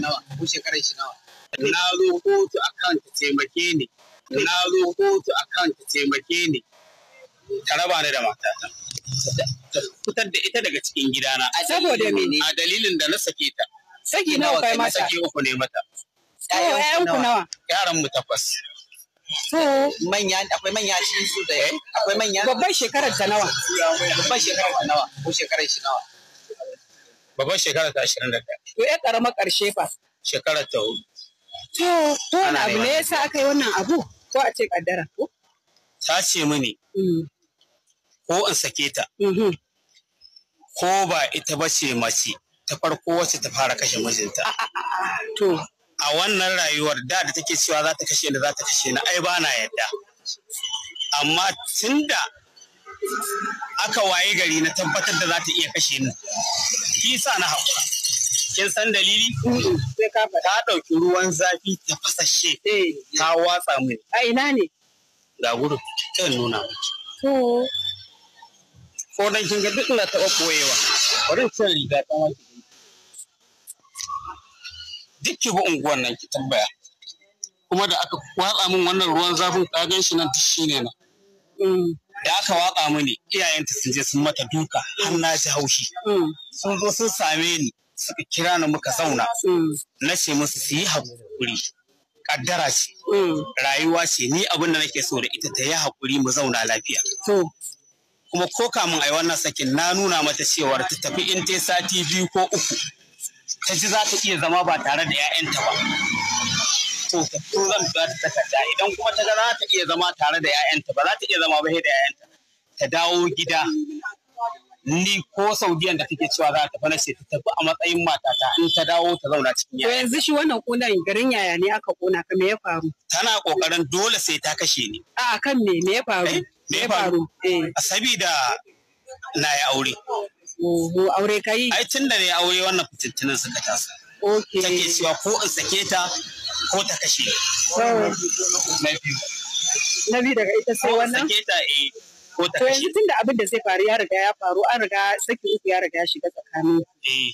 nawa ko shekarar shi nawa na zo kotu akan ta taimake ni na zo kotu akan ta taimake ni ta raba ni da matata ta fitar da ita daga cikin gidana saboda mene a dalilin da na sake ta saki nawa kai mata saki uku ne mata ƴaƴan ku nawa yaran mu takwas to manya akwai manya shi. su da eh? akwai manya babban shekarar ta nawa babban shekarar ta nawa ko shekarar shi nawa babban shekara ta ashirin da ɗaya. To ya ƙarama ƙarshe fa. Shekara ta hudu. To, to wani abu ne sa aka yi wannan abu ko a ce ƙaddara ko? Ta ce mini. Mm. Ko in sake ta. Mm-hmm. Ko ba ita ba ce mace ta farko wacce ta fara kashe mijinta. To. A wannan rayuwar da da take cewa za ta kashe ni za ta kashe ni ai ba na yadda. Amma tunda aka waye gari na tabbatar da za ta iya kashe ni shi sa na haƙura kin san dalili sai ka ka ɗauki ruwan zafi ta fasashe eh. ka watsa mai a ina ne ga gudu kan nuna miki to ko dan kin ga duk na taɓa koyewa bari in cin riga ta wani. duk ki bi unguwan nan ki tambaya kuma da aka watsa min wannan ruwan zafin ka gan shi nan shi ne na mm. da aka waƙa mini iyayenta sun je sun mata duka har na ji haushi mm. sun zo sun same ni suka kira ni muka zauna mm. na ce musu su yi haƙuri kaddara ce mm. rayuwa ce ni abin da nake so da ita ta yi hakuri mu zauna lafiya kuma ko kamun ai wannan sakin na nuna mata cewa ta tafi in ta sati biyu ko uku ta ji za ta iya zama ba tare da 'ya'yanta ba tsofaffin zan ba ta takarda idan kuma ta ga za ta iya zama tare da 'ya'yanta ba za ta iya zama ba da 'ya'yanta ta dawo gida ni ko saudiyan da take cewa za ta fana ce ta tafi a matsayin matata in ta dawo ta zauna cikin yaya. yanzu shi wannan kunan garin yaya ne aka kona ka me ya faru. tana kokarin dole sai ta kashe ni. a kan me me ya faru. Eh, me ya faru. Eh. sabida na yi aure. Oho aure ka yi. ai tun da ne aure wannan fitintinin suka tasa. Okay. Take cewa ko in sake ta ko ta kashe na biyu na biyu daga ita sai wannan sake ta eh, ko ta kashe to yanzu tunda abin da zai faru ya riga ya faru an riga saki uku ya riga ya shiga tsakani. Eh.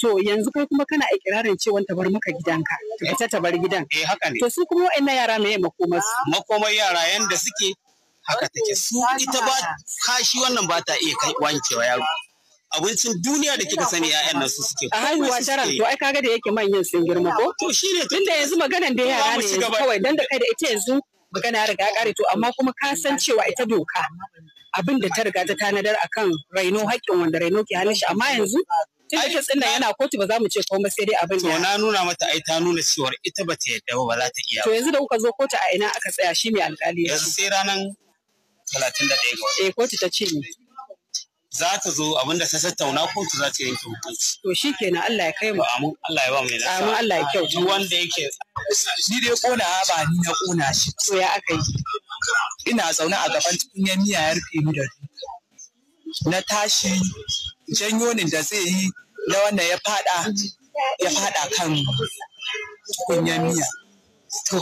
to yanzu kai kuma kana ikirarin cewa ta bar maka gidanka ta ta bar gidan eh haka ne to su kuma wa'annan yara me makomar su makomar yara yanda suke haka take su ita ba kashi wannan ba ta iya kai wankewa yaro abincin duniya da kika sani yayan nan su suke. A haihuwa tara to ai kaga da yake manyan sun girma ko? To shine tunda yanzu maganan da yara ne kawai dan da kai da ita yanzu magana ya riga kare to amma kuma ka san cewa ita doka abin da ta riga ta tanadar akan raino haƙƙin wanda raino ke halin shi amma yanzu tun da tsinna yana kotu ba za mu ce komai sai dai abin da. To na nuna mata ai ta nuna cewar ita ba ta yadda ba za ta iya. To yanzu da kuka zo kotu a ina aka tsaya shi mai alƙali. Yanzu sai ranan 31 ga Eh kotu ta ce ne. za ta zo abinda ta tattauna kotu za ta yanke hukunci. To shi kenan Allah ya kai mu. Amin Allah ya ba mu nasara. Amin Allah ya kyau. Duk wanda yake ni dai kona ba ni na kona shi. To ya aka yi. Ina zaune a gaban tukunyar miya ya rufe mu da Na tashi janyo ne da zai yi na wanda ya fada ya fada kan tukunyar miya. To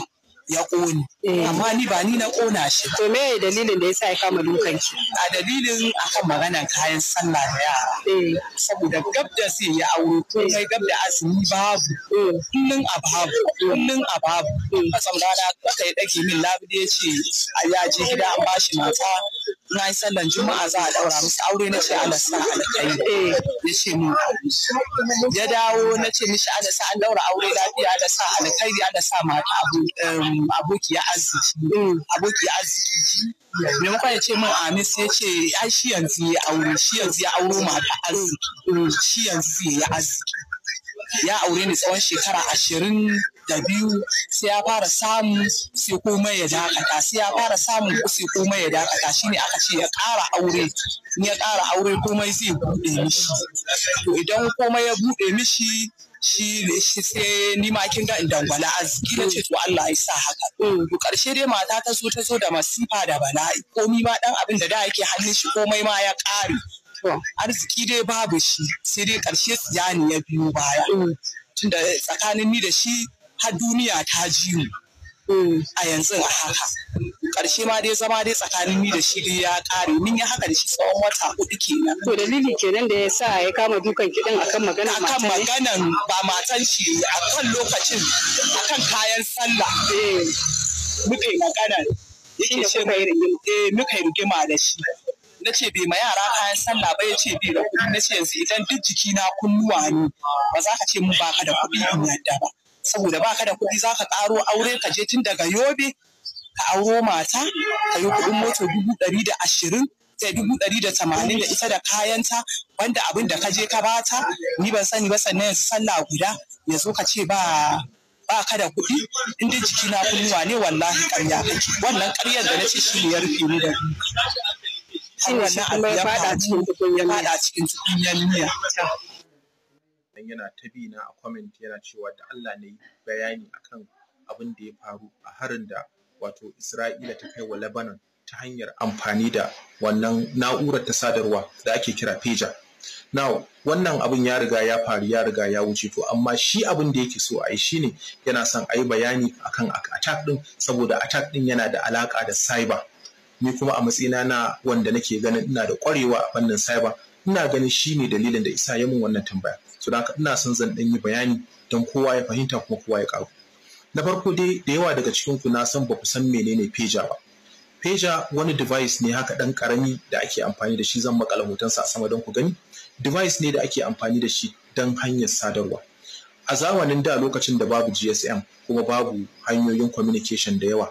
ya kone. Eh. amma ni ba ni na kona shi to me dalilin da yasa ya kama dukan ki a dalilin akan maganan kayan sallah da yara eh. saboda gab da sai ya auro ko mai gab da azumi babu eh. kullun a babu kullun a babu saboda na aka yi dake min labide ya ce a yaji gida an bashi mata na yi sallan juma'a za a daura musu aure na ce Allah sa alƙai ya ce min ya dawo na ce mishi Allah sa an daura aure lafiya Allah sa alƙai Allah sa mata abokiya arziki aboki arziki maimakon ya ce min amin sai ce ai shi yanzu ya aure shi yanzu ya auro ma arziki mm, shi yanzu zai arziki ya aure ni tsawon shekara ashirin da biyu sai ya fara samun sai komai ya dakata sai ya fara samun sai komai ya dakata shine aka ce ya ƙara aure ni ya ƙara aure komai zai buɗe mishi to idan komai ya buɗe mishi shi ne shi sai ni ma kin ga in dangwala arziki na ce to Allah ya sa haka to karshe dai mata ta zo ta zo da masifa da bala'i komi ma dan abin da da yake hannun shi komai ma ya ƙare arziki dai babu shi sai dai karshe tsiyani ya biyo baya tunda tsakanin ni da shi har duniya ta ji mu a yanzu a haka karshe ma dai zama dai tsakanin ni da shi dai ya kare min ya haka da shi tsawon wata uku kenan to dalili kenan da ya sa ya kama dukan kidan akan magana akan magana ba matan shi akan lokacin akan kayan sallah eh muke magana yake ce mai eh muka yi rigima da shi na ce bai ma yara kayan sallah ba ya ce bai da kuɗi na ce yanzu idan duk jikina kunnuwa ne ba za ka ce mun baka da kuɗi in yadda ba saboda baka da kuɗi za ka ƙaro aure ka je tun daga yobe ka auro mata ka yi kuɗin mota dubu ɗari da ashirin sai dubu ɗari da tamanin da ita da kayanta wanda abin da ka je ka bata ni ban sani ba sannan yanzu sallah guda yanzu ka ce ba ba ka da kuɗi in dai jiki na kunnuwa ne wallahi ƙarya kake wannan ƙaryar da na ce shi ne ya rufe ni da shi wannan abu ya faɗa cikin tukunyar miya cikin tukunyar miya dan yana ta bi na a comment yana cewa da Allah ne bayani akan abin da ya faru a harin da wato Isra'ila ta kai wa Lebanon ta hanyar amfani da wannan na'urar ta sadarwa da ake kira Peja. Now, wannan abin ya riga ya faru ya riga ya wuce to amma shi abin da yake so a yi shine yana son a yi bayani akan attack din saboda attack din yana da alaka da cyber. Ni kuma a matsayina na wanda nake ganin ina da ƙwarewa a fannin cyber ina ganin shine dalilin da isa ya mun wannan tambaya. So ina son zan dan yi bayani don kowa ya fahimta kuma kowa ya karu. na farko dai da yawa daga cikin ku na san ba ku san menene peja ba Peja wani device ne haka ɗan karami da ake amfani da shi zan makala hoton sa sama don ku gani device ne da ake amfani da shi don hanyar sadarwa a zamanin da lokacin da babu GSM kuma babu hanyoyin communication da yawa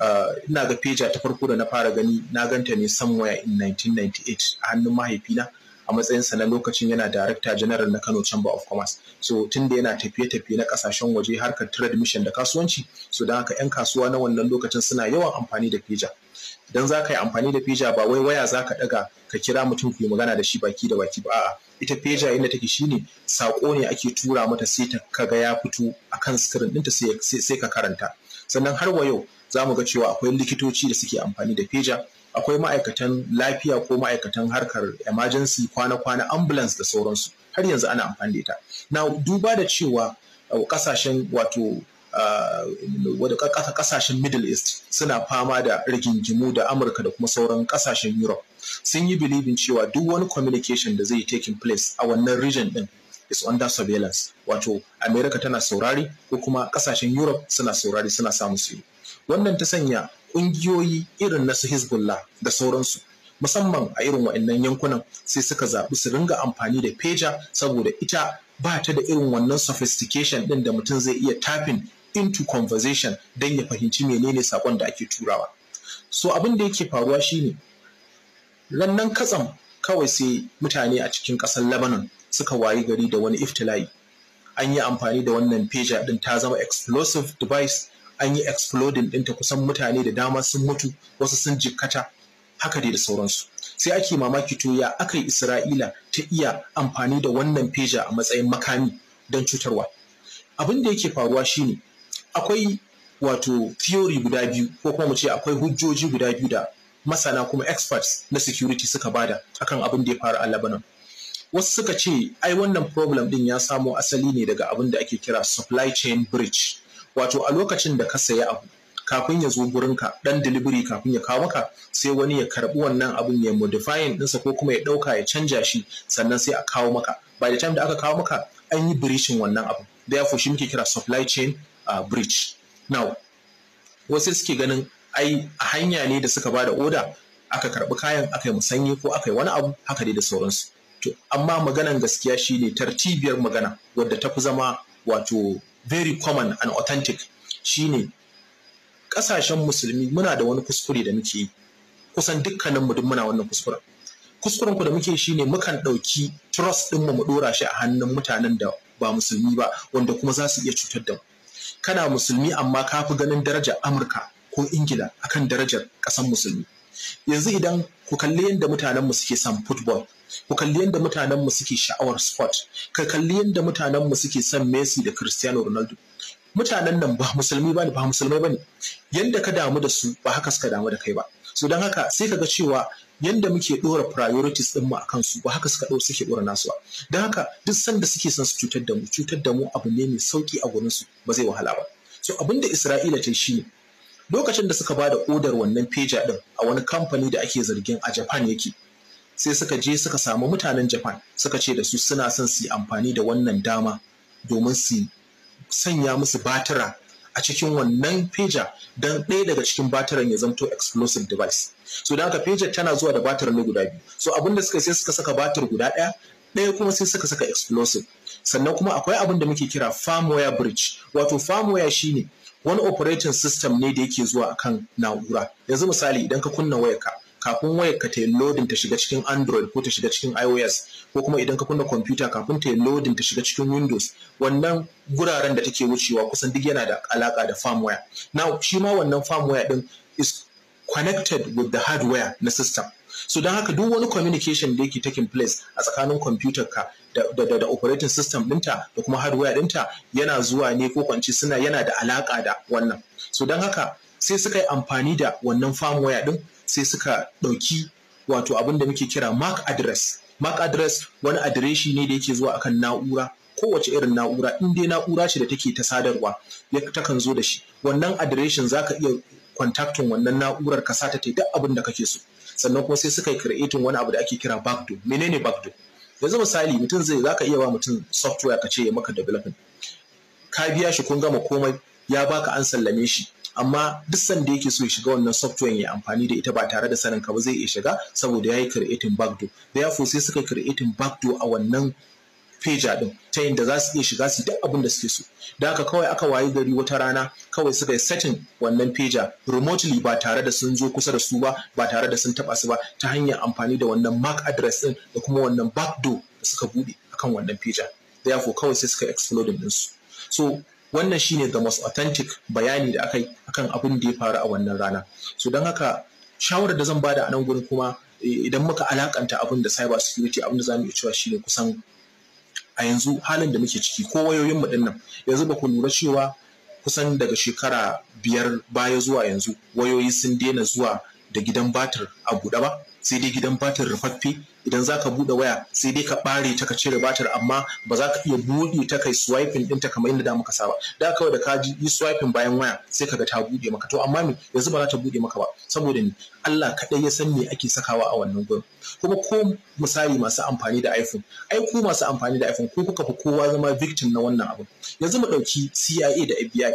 ah, ina ga peja ta farko da na fara gani na ganta ne somewhere in 1998 a hannun mahaifina a matsayinsa na lokacin yana director general na Kano Chamber of Commerce so tun da yana tafiye-tafiye na kasashen waje harkar trade mission da kasuwanci so don haka 'yan kasuwa na wannan lokacin suna yawan amfani da pija. idan za ka yi amfani da pija ba wai waya za ka daga ka kira mutum ku yi magana da shi baki da baki ba a'a ita pija inda take shine sako ne ake tura mata sai ta kaga ya fito akan screen ɗinta sai ka karanta sannan har wa yau za mu ga cewa akwai likitoci da suke amfani da feja akwai ma'aikatan lafiya ko ma'aikatan harkar emergency kwana-kwana ambulance da sauransu har yanzu ana amfani da ita na duba da cewa kasashen uh, wato uh, wadda kasashen middle east suna fama da rigingimu da amurka da kuma sauran kasashen europe sun yi bilibin cewa duk wani communication da zai taking place a wannan region din is under surveillance wato america tana saurari ko kuma kasashen europe suna saurari suna samun su wannan ta sanya ƙungiyoyi irin na su Hezbollah da sauransu musamman a irin wa'annan yankunan sai suka zaɓi su ringa amfani da feja saboda ita ba ta da irin wannan sophistication ɗin da mutum zai iya tapping into conversation don ya fahimci menene saƙon da ake turawa so abin da yake faruwa shine rannan katsam kawai sai mutane a cikin ƙasar lebanon suka wayi gari da wani iftila'i an yi amfani da wannan feja ɗin ta zama explosive device an yi exploding ɗinta kusan mutane da dama sun mutu wasu sun jikkata haka dai da sauransu sai ake mamaki to ya aka yi isra'ila ta iya amfani da wannan feja a matsayin makami don cutarwa abin da yake faruwa shine akwai wato theory guda biyu ko kuma mu ce akwai hujjoji guda biyu da masana kuma experts na security suka bada akan abin da ya faru a Lebanon. Wasu suka ce ai wannan problem din ya samo asali ne daga abin da ake kira supply chain bridge. wato a lokacin da ka saya abu kafin ya zo gurinka dan delivery kafin ya kawo maka sai wani ya karbi wannan abun ya modifying ɗinsa ko kuma ya ɗauka ya canja shi sannan sai a kawo maka by the time da aka kawo maka an yi breaching wannan abu therefore shi muke kira supply chain uh, breach now wasu suke ganin ai a hanya ne da suka bada oda aka karbi kayan aka yi musanye ko aka yi wani abu haka dai da sauransu to amma maganan gaskiya shine tartibiyar magana wadda ta fi zama wato very common and authentic shine ƙasashen musulmi muna da wani kuskure da muke yi kusan dukkanin mu duk muna wannan kuskuren kuskuren ku da muke shi ne mukan ɗauki trust ɗin mu mu ɗora shi a hannun mutanen da ba musulmi ba wanda kuma za su iya cutar da mu kana musulmi amma ka fi ganin darajar amurka ko ingila akan darajar ƙasan musulmi yanzu idan ku kalli yadda mutanenmu suke son football ku kalli yadda mutanenmu suke sha'awar sport ka kalli yadda mutanenmu suke son Messi da Cristiano Ronaldo mutanen nan ba musulmi bane ba musulmai bane yadda ka damu da su ba haka suka damu da kai ba so don haka sai ka ga cewa yadda muke dora priorities din mu akan su ba haka suka dora suke dora nasu ba don haka duk sanda suke son su cutar da mu cutar da mu abu ne mai sauki a gurin su ba zai wahala ba so abin da Isra'ila ta yi ne. lokacin da suka ba da odar wannan feja ɗin a wani kamfani da ake zargin a japan yake sai suka je suka samu mutanen japan suka ce da su suna son su yi amfani da wannan dama domin su sanya musu batira a cikin wannan feja don ɗaya daga cikin batiran ya zamto explosive device so da haka tana zuwa da batir ne guda biyu so abin da suka sai suka saka batir guda ɗaya ɗaya kuma sai suka saka explosive sannan kuma akwai abin da muke kira farmware bridge wato farmware shine wani operating system ne da yake zuwa akan na'ura yanzu misali idan ka kunna wayarka kafin wayar ka ta yi loading ta shiga cikin android ko ta shiga cikin ios ko kuma idan ka kunna computer kafin ta yi loading ta shiga cikin windows wannan guraren da take wucewa kusan duk yana da alaka da firmware now shi ma wannan firmware din is connected with the hardware na system so don haka duk wani communication da yake taking place a tsakanin computer ka da operating system ɗinta da kuma hardware ɗinta yana zuwa ne ko kwanci suna yana da alaƙa da wannan so don haka sai suka yi amfani da wannan firmware ɗin sai suka ɗauki wato abin da muke kira mark address MAC address wani adireshi ne da yake zuwa akan na'ura kowace irin na'ura in dai na'ura ce da take ta sadarwa ya takan zo da shi wannan adireshin za ka iya kwantaktin wannan na'urar ka sa ta duk abin da kake so sannan kuma sai suka yi creating wani abu da ake kira backdoor menene backdoor yanzu misali mutum zai zaka iya ba mutum software ka ce ya maka development ka biya shi kun gama komai ya baka an sallame shi amma duk sanda yake so ya shiga wannan software ya amfani da ita ba tare da sanin ka ba zai iya shiga saboda ya yi creating backdoor therefore sai suka creating backdoor a wannan feja din ta yinda za su iya shiga su duk abin da suke so da haka kawai aka wayi gari wata rana kawai suka yi setting wannan feja remotely ba tare da sun zo kusa da su ba ba tare da sun taba su ba ta hanyar amfani da wannan mac address ɗin da kuma wannan backdoor da suka buɗe akan wannan feja therefore kawai sai suka exploding din su so wannan shi ne the most authentic bayani da aka yi akan abin da ya faru a wannan rana so don haka shawarar da zan bada a nan gurin kuma eh, idan muka alakanta abin da cyber security abin da zamu iya cewa shine kusan a yanzu halin da muke ciki ko wayoyin mu dinnan yanzu ba ku lura cewa kusan daga shekara biyar baya zuwa yanzu wayoyi sun daina zuwa da gidan batir a buɗe ba sai dai gidan batir rufaffe idan za ka buɗe waya sai dai ka ɓare ta ka cire batir amma ba za ka iya buɗe ta kai swiping ɗinta kamar yadda da muka saba da kawai da ka ji yi swiping bayan waya sai ka ga ta buɗe maka to amma me yanzu ba za ta buɗe maka ba saboda ni Allah kaɗai ya san me ake sakawa a wannan gurin kuma ko misali masu amfani da iPhone ai ku masu amfani da iPhone ko kuka fi kowa zama victim na wannan abin yanzu mu ɗauki CIA da FBI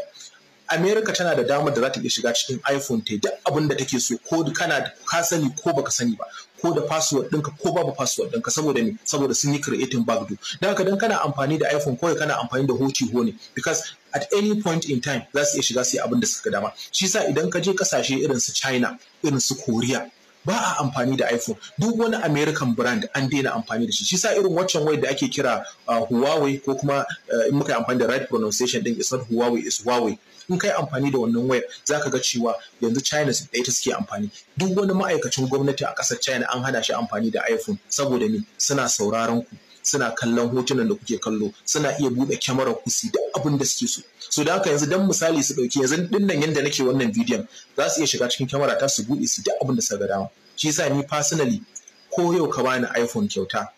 Amerika tana da damar da za ta iya shiga cikin iPhone ta duk abin da take so ko kana ka sani ko baka sani ba ko da password ɗinka ko babu password ɗinka saboda ne, saboda sun yi creating do don haka dan kana amfani da iPhone kawai kana amfani da hoci ho ne because at any point in time za su iya shiga su yi abin da suka dama shi sa idan ka je kasashe irin su China irin su Korea ba a amfani da iphone duk wani american brand an daina amfani da shi shi sa irin waccan wai da ake kira uh, huawei ko kuma uh, in muka amfani da right pronunciation din is not huawei is huawei in kai amfani da wannan wayar za ka ga cewa yanzu china su da ta suke amfani duk wani ma'aikacin gwamnati a ƙasar china an hana shi amfani da iphone saboda ni suna sauraron ku suna kallon hotunan da kuke kallo suna iya buɗe kyamarar ku su abin da suke so so da haka yanzu dan misali su ɗauki yanzu din nan yanda nake wannan bidiyon za su iya shiga cikin kyamara ta su buɗe su duk abin da suka dama shi yasa ni personally ko yau ka bani iPhone kyauta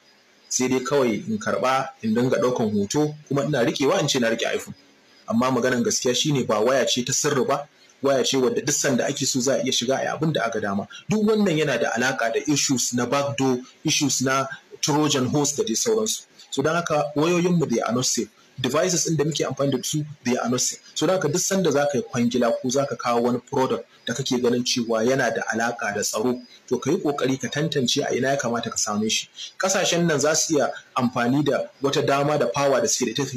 sai dai kawai in karba in dinga ɗaukan hoto kuma ina riƙewa in ce na riƙe iPhone amma maganan gaskiya shine ba waya ce ta sirri ba waya ce wadda duk sanda ake so za a iya shiga a abin da aka dama duk wannan yana da alaka da issues na backdoor issues na trojan host da dai sauransu so don haka wayoyinmu da ya anose devices ɗin da muke amfani da su da ya anose so don haka duk sanda za ka yi kwangila ko za ka kawo wani product da kake ganin cewa yana da alaƙa da tsaro to ka yi kokari ka tantance a ina ya kamata ka same shi Ƙasashen nan za su iya amfani da wata dama da power da suke da ta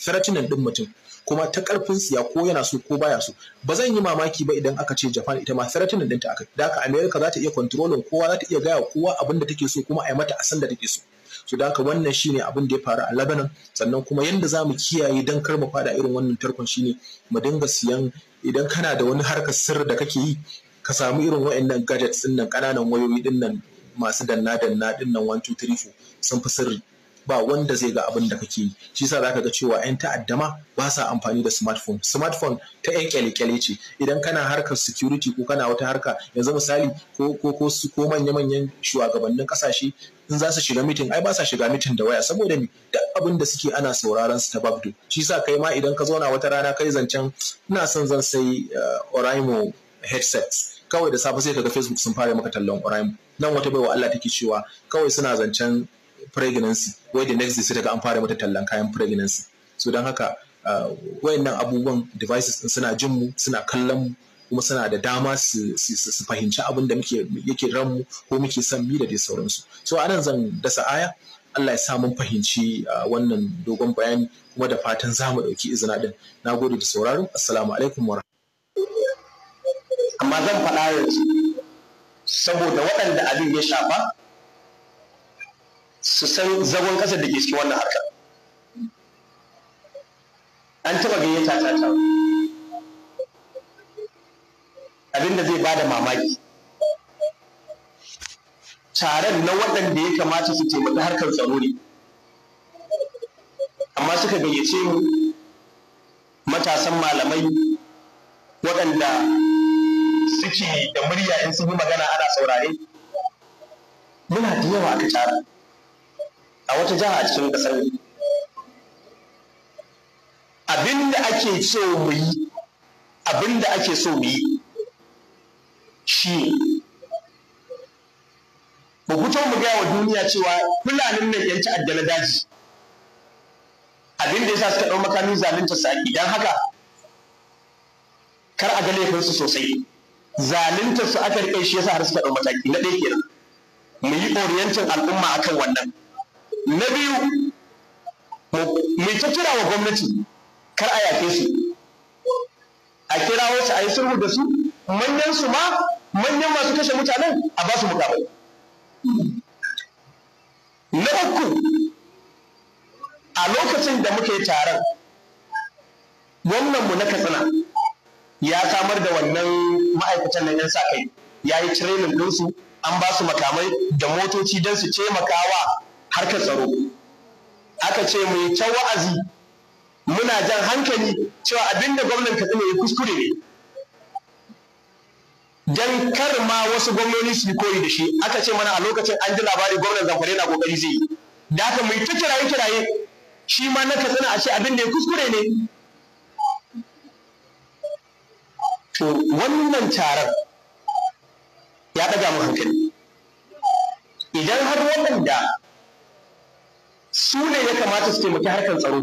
threatening ɗin mutum kuma ta karfin siya ko yana so ko baya so ba zan yi mamaki ba idan aka ce Japan ita ma threatening ɗinta aka da haka America za ta iya controlling kowa za ta iya gaya kowa abin da take so kuma a yi mata asan da take so so da haka wannan shine abin da ya faru a Lebanon sannan kuma yanda za mu kiyaye dan kar mu fada irin wannan tarkon shine mu dinga siyan idan kana da wani harkar sir da kake yi ka samu irin wayannan gadgets ɗin nan ƙananan wayoyi ɗin nan masu danna danna ɗin nan 1234 sun fi sirri ba wanda zai ga abin da kake yi shi yasa zaka ga cewa yan ma ba sa amfani da smartphone smartphone ta yan kyale-kyale ce idan kana harkar security ko kana wata harka yanzu misali ko ko ko ko manya-manyan shugabannin kasashe in za su shiga mitin ai ba sa shiga mitin da waya saboda me duk abin da suke ana sauraron su ta babdo shi yasa kai ma idan ka zauna wata rana kai zancen ina son zan sai eh, Oraimo headsets kawai da safe sai kaga Facebook sun fara maka tallan Oraimo nan wata baiwa Allah take cewa kawai suna zancen pregnancy wai the next day sai daga an fara mata tallan kayan pregnancy so don haka uh, wayannan abubuwan devices suna jin mu suna kallon mu kuma suna da dama su fahimci abin da muke yake ran mu ko muke son mi da dai sauransu so anan zan dasa aya Allah ya sa mun fahimci uh, wannan dogon bayani kuma da fatan za mu ɗauki izina ɗin na gode da sauraron assalamu alaikum wa amma zan faɗa yanzu saboda waɗanda abin ya shafa su san zagon ƙasar da ke cikin wannan harka an taɓa gayyata ta ta abinda zai bada mamaki taron na waɗanda ya kamata su taimaki harkar tsaro ne amma suka gayyace mu matasan malamai waɗanda suke da murya in sun yi magana ana saurare muna da yawa aka tara a wata jiha a cikin ƙasar abin da ake so mu yi abin da ake so mu yi shi mu fito mu gaya wa duniya cewa fulanin nan yanci addana daji abin da yasa suka ɗau makamin zalunta sa idan haka kar a ga laifinsu sosai zalunta su aka riƙe shi yasa har suka ɗau mataki na ɗaya kenan mu yi orientin al'umma akan wannan na biyu mai ta kira wa gwamnati kar a yaƙe su a kira wasu a yi sulhu da su manyan su ma manyan masu kashe mutanen a ba su mukamai na uku a lokacin da muke taron wannan mu na katsina ya samar da wannan ma'aikatan nan 'yan sa kai ya yi training ɗinsu an ba su makamai da motoci don su taimaka wa Har harkar tsaro aka ce mai can ta wa'azi muna jan hankali cewa abinda gwamnan Katsina ya kuskure ne dan kar ma wasu gwamnoni su koyi da shi aka ce mana a lokacin an ji labari gwamnan Zamfara na kokari zai yi da haka mai ta kiraye kiraye shi ma na Katsina a ce abin da ya kuskure ne to wannan taron ya ɗaga mu hankali idan har waɗanda su ne ya kamata su taimaki harkar tsaro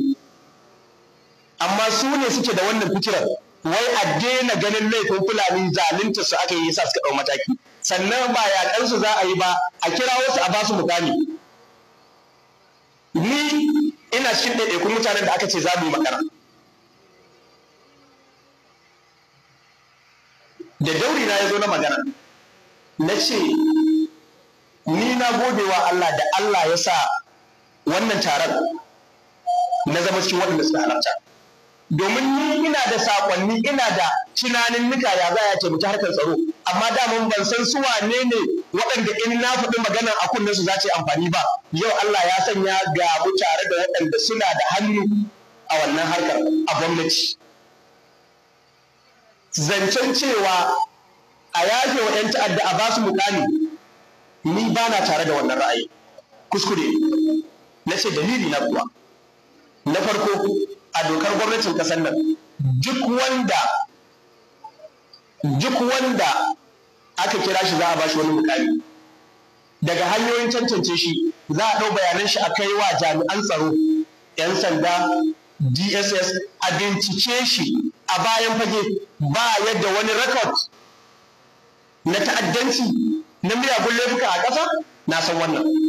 amma su ne suke da wannan fitirar wai a daina ganin laifin fulani zalunta su aka yi yasa suka ɗau mataki sannan ba ya su za a yi ba a kira wasu a ba su mukami ni ina cikin ɗaiɗaikun mutanen da aka ce za mu yi magana da dauri na ya zo na magana na ce ni na gode wa Allah da Allah ya sa wannan taron na zama cikin waɗanda suka halarta domin ni ina da sakonni ina da tunanin nika ya za a ce mutu harkar tsaro amma dama ban san su wane ne waɗanda in na faɗi magana a kunnen su za ce amfani ba yau Allah ya sanya ga mu tare da waɗanda suna da hannu a wannan harkar a gwamnati zancen cewa a yafe wa 'yan ta'adda a basu mukami ni ba na tare da wannan ra'ayi kuskure na ce dalili na kuwa na farko a dokar gwamnatin kasar nan duk wanda duk wanda aka kira shi za a bashi wani mukami daga hanyoyin cancance shi za a ɗau bayanan shi a kai wa jami'an tsaro 'yan sanda dss a bincike shi a bayan fage ba yadda wani rekod na ta'addanci na miyagun laifuka a ƙasa na san wannan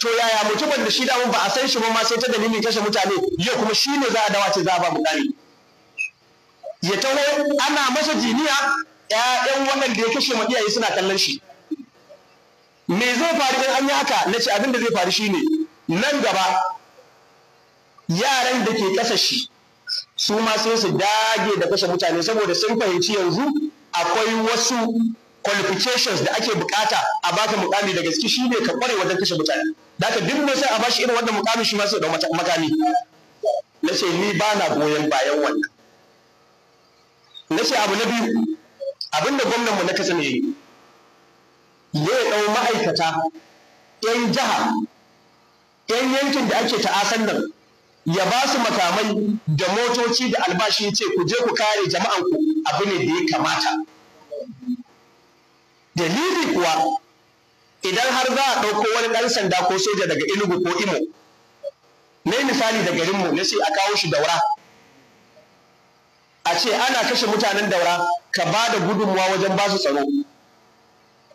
to yaya mutumin da shi da ba a san shi ba ma sai ta dalilin kashe mutane yau kuma shi ne za a dawa ce za a ba mukami ya taho ana masa jiniya 'ya'yan wannan da ya kashe mu iyaye suna kallon shi me zai faru in an yi haka na ce abin da zai faru shi ne nan gaba yaran da ke ƙasa shi su ma sai su dage da kashe mutane saboda sun fahimci yanzu akwai wasu qualifications da ake bukata a baka mukami da gaske shine ka kware wajen kashe mutane da ka duk mai sai a bashi irin wannan mukami shi ma sai da makami nace ni ba na goyon bayan wannan nace abu na biyu abinda gwamnan mu na kasa ne yayi ya dau ma'aikata yan jiha yan yankin da ake ta nan ya ba su makamai da motoci da albashi ya ce ku je ku kare jama'anku abu ne da ya kamata dalili kuwa idan har za a ɗauko wani ɗan sanda ko soja daga inugu ko imo na yi misali da garinmu na ce a kawo shi daura a ce ana kashe mutanen daura ka ba da gudunmuwa wajen ba su tsaro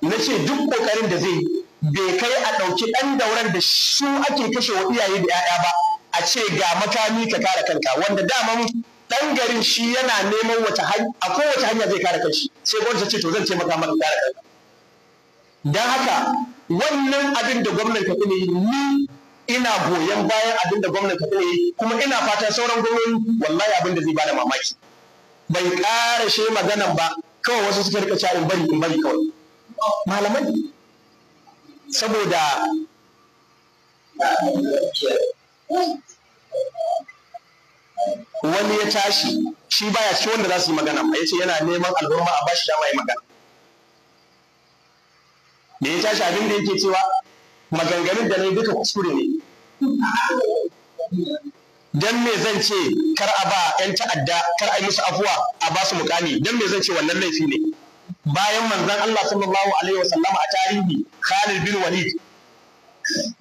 na ce duk ƙoƙarin da zai bai kai a ɗauki ɗan dauran da su ake kashe wa iyaye da 'ya'ya ba a ce ga makami ka kare kanka wanda daman ɗan garin shi yana neman wata a kowace hanya zai kare kanshi sai gwamnati ce to zan ce maka gyara kanka dan haka wannan abin da gwamnati ta ne ni ina goyon bayan abin da gwamnati ta ne kuma ina fatan sauran gwamnati wallahi abin da zai bada mamaki bai ƙara shi maganan ba kawai wasu suka rika cewa bari in bari kawai malamai saboda wani ya tashi shi baya ci wanda za su yi magana ba ya ce yana neman al'umma a bashi dama ya magana da ya tashi abin da yake cewa maganganun da na yi duka kuskure ne dan me zan ce kar a ba yan ta'adda kar a yi musu afuwa a ba su mukami don me zan ce wannan laifi ne bayan manzon Allah sallallahu alaihi wasallama a tarihi Khalid bin Walid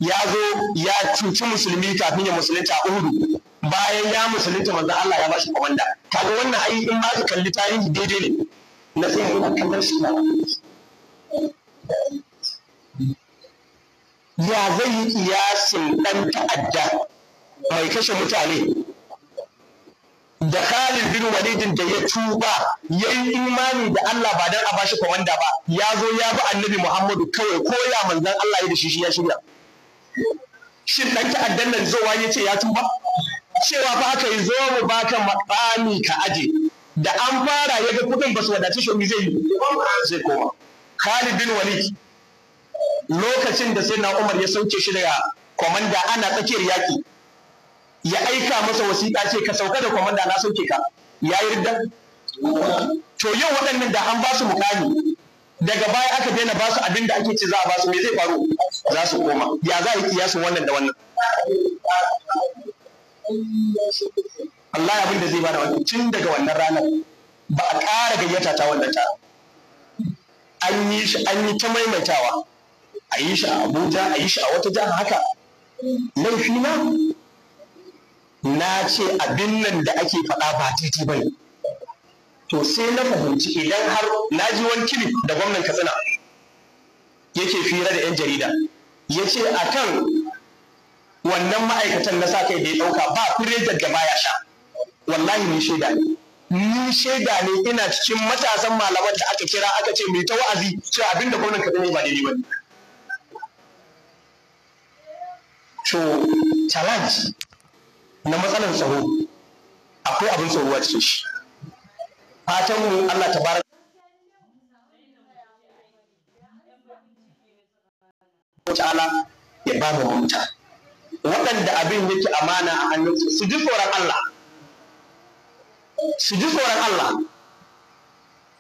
ya zo ya cuci musulmi kafin ya musulunta a Uhudu bayan ya musulunta manzon Allah ya bashi komanda kaga wannan ai in ba ka kalli tarihi daidai ne na sai yana kallon shi na ya zai yi kiyasin dan ta'adda mai kashe mutane da Khalid bin Walid da ya tuba ya imani da Allah ba dan a bashi komanda ba ya zo ya bi Annabi Muhammadu kawai ko ya manzon Allah ya da shi shi ya shirya shin ɗan ta'addan nan zowa ya ce ya tuba cewa fa aka yi zo mu baka maƙami ka aje da an fara yaga kudin kuɗin ba su wadace shi zai yi zai koma Khalid bin Walid lokacin da sai na Umar ya sauke shi daga komanda ana tsakiyar yaki ya aika masa wasiƙa ce ka sauka da komanda na sauke ka ya yi ridda to yau waɗannan da an ba su mukami daga baya aka daina ba su abin da ake ce za a ba su me zai faru za su koma ya za a yi kiyasin wannan da wannan Allah abin da zai da wannan tun daga wannan ranar ba a ƙara gayyata ta wannan ta an yi shi an yi ta maimaitawa a yi shi a Abuja a yi shi a wata jihar haka laifi na na ce abin nan da ake faɗa ba titi bane to sai na fahimci idan har na ji wani kilif da gwamnan katsina yake fira da 'yan jarida ya ce a kan wannan ma'aikatan na sa kai da ya ɗauka ba fure gaba ya sha wallahi ni shaida ne ni shaida ne ina cikin matasan malaman da aka kira aka ce mai ta wa'azi cewa abin da gwamnan katsina ba daidai ba ne to challenge na matsalan tsaro akwai abin tsoro a cikin shi fatan mu Allah ta bar ta'ala ya ba mu mutunta waɗanda abin yake amana a hannunsu su ji tsoron Allah su ji tsoron Allah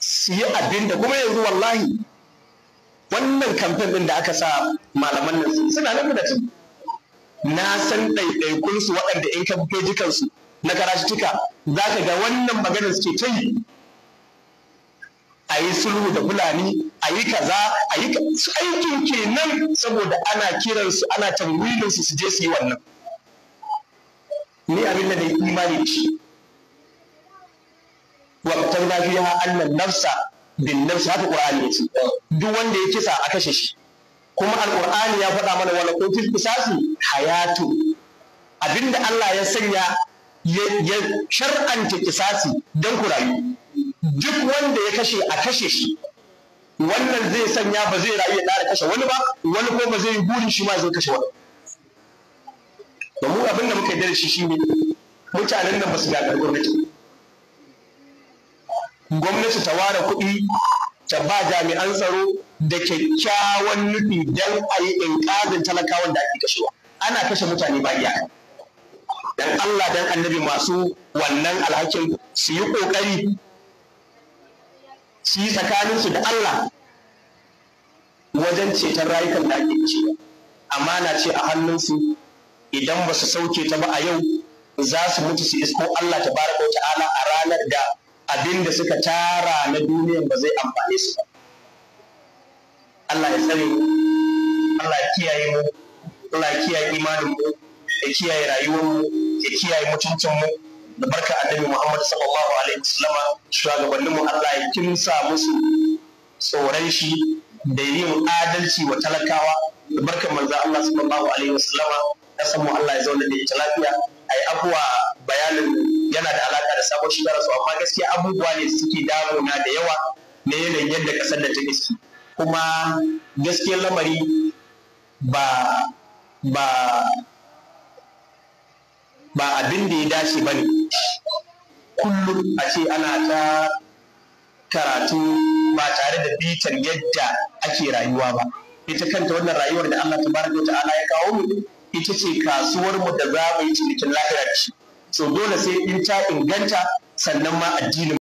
su yi abin da kuma yanzu wallahi wannan kamfen ɗin da aka sa malaman nan suna nan da na san ɗaiɗaikunsu waɗanda in ka fito jikansu na karatuttuka za ka ga wannan magana suke ta yi a yi sulhu da fulani a yi kaza a yi su aikin kenan saboda ana kiransu ana tamwilinsu su je su yi wannan ni abin da dai imani ce waktar fi ha annan nafsa bin nafsa haka qur'ani ya duk wanda ya kisa a kashe shi kuma alqur'ani ya faɗa mana wala kun kisasi hayatu abinda Allah ya sanya ya shar'anta kisasi don ku rayu duk wanda ya kashe a kashe shi wannan zai sanya ba zai rayu ya ƙara kashe wani ba wani ko ba zai yi burin shi ma zai kashe wani domin abin da muka yi da shi shine mutanen da ba su gagar gwamnati gwamnati ta ware kuɗi ta ba jami'an tsaro da kyakkyawan nufi don a yi inƙazin talakawan da ake kashewa ana kashe mutane ba iyaka dan Allah dan annabi masu wannan alhakin su yi ƙoƙari su yi tsakaninsu da Allah wajen ceton rayukan da ake ci amana ce a hannunsu idan ba su sauke ta ba a yau za su mutu su isko Allah ta baraka ta'ala a ranar da abin da suka tara na duniya ba zai amfane su ba Allah ya tsare Allah ya kiyaye mu Allah ya kiyaye imanin mu ya kiyaye rayuwar mu ya kiyaye mu, da barka annabi Muhammad sallallahu alaihi wasallama mu Allah ya kimsa musu tsoron shi da yin adalci wa talakawa da barka manzo Allah sallallahu alaihi wasallama ya san mu Allah ya zauna da ita lafiya ai abuwa bayanin yana da alaka da sabon shigara su amma gaskiya abubuwa ne suke na da yawa na yanayin yadda kasar da ta gaske kuma gaskiya lamari ba ba ba abin da ya dace ba ne kullum a ce ana ta karatu ba tare da bitar yadda ake rayuwa ba ita kanta wannan rayuwar da Allah tabaraka wa ta'ala ya kawo mu ita ce kasuwar mu da za mu yi cinikin lahira da shi so dole sai in ta inganta sannan ma addinin